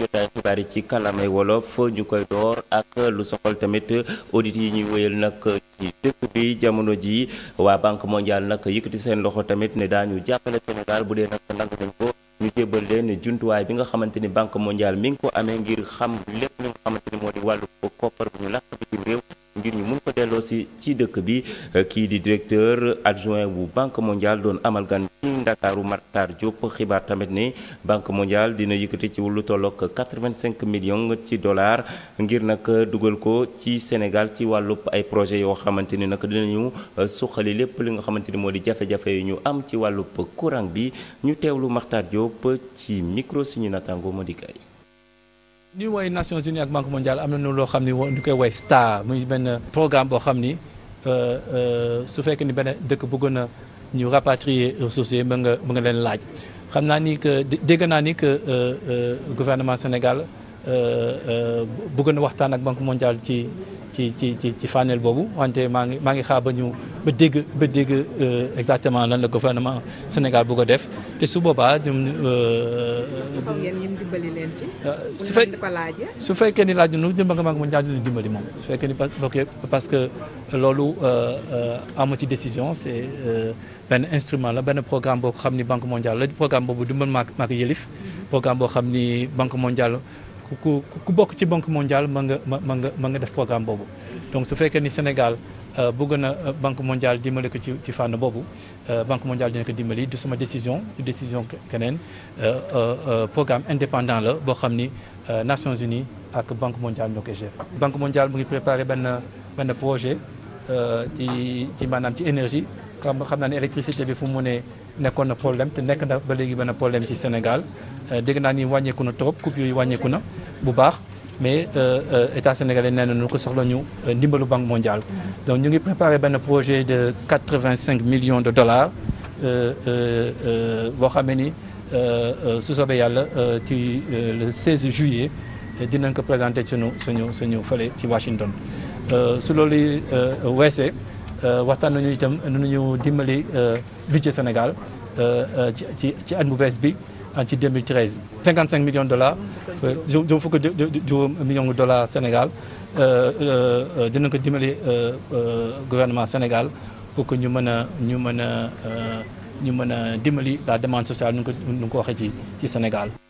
jotaay xibaar yi ci kàllaamay wolof ñu koy door ak lu soxal tamit audit yi ñuy wéyal nag ci dëkk bi jamono ji waa banque mondiale nag yëkkati seen loxo tamit ne daañu jàppale Sénégal bu dee nag nangu nañ ko ñu jébbal ne jumtuwaay bi nga xamante ni banque mondiale mi ngi ko amee ngir xam lépp li nga xamante moo di wàllu koppar bu ñu lakk bitim réew ngir ñu mun ko delloo si ci dëkk bi eh, kii di directeur adjoint bu banque mondiale doon amal gan ci Ndakaaru Matar Diop xibaar tamit ni banque mondiale dina yëkkati ci lu tollook 85 millions ci dollars ngir nag dugal ko ci Sénégal ci wàllub ay projet yoo xamante ni nag dinañu eh, suqali lépp li nga xamante ni moo di jafe-jafe yu ñu am ci wàllub courant bi ñu teewlu Matar Diop ci micro suñu natango Madick Gueye li waaye woowee Nations Unies ak Banque mondiale am nañu loo xam ni ñu koy woy STAR muy benn programme boo xam ni euh, euh, su fekkee ni benn dëkk bëggoon na ñu rapatrier ressources yi mën nga mën nga leen laaj. xam naa ni que dégg naa ni que euh, gouvernement Sénégal bëgg na waxtaan ak Banque mondiale ci. ci ci ci ci fànneel boobu wante maa ngi maa ngi xaar ba ñu ba dégg ba dégg euh, exactement lan la gouvernement Sénégal bëgg a def te su boobaa ñun. Euh, euh, su fekkee su fekkee ni laaj nu jëmba nga mag mu njaaj ñu dimbali moom su fekkee ni parce que loolu amu ci décision c'est benn instrument la benn programme boo xam ni banque mondiale la programme boobu du maak maak yëlif mhm. programme boo xam ni banque mondiale ku ku bokk ci banque mondiale ma nga ma nga ma def programme boobu donc su fekkee ni Sénégal euh, bëgg na euh, banque mondiale dimbali ko ci ci fànn boobu euh, banque mondiale dina ko dimbali du sama décision du décision keneen programme indépendant la boo xam ni Nations Unies ak banque mondiale ñoo koy banque mondiale mu ngi préparé benn benn projet ci ci maanaam ci énergie xam xam naa ne électricité bi fu mu ne nekkoon na problème te nekk na ba léegi benn problème ci Sénégal dégg naa ni wàññeeku na trop coupure yi wàññeeku na. bu baax mais euh, euh, état sénégalais nee na ñu ko soxla ñu euh, ndimbalu banque mondiale. donc ñu ngi préparé benn projet de quatre vingt cinq millions de dollars boo xamee ni su soobee yàlla ci le 16 juillet dinañ ko présenté suñu suñu suñu fale ci Washington. su loolu weesee waxtaan nañu itam nu ñu dimbali budget Sénégal ci ci at bu bees bi. ci 2013 55 millions de dollars juróom fukk juróom millions de dollars Sénégal euh, euh, euh, dinañ ko dimbali gouvernement Sénégal pour que ñu mën a ñu mën a ñu mën a dimbali la demande sociale nu ko nu ko waxee ci ci Sénégal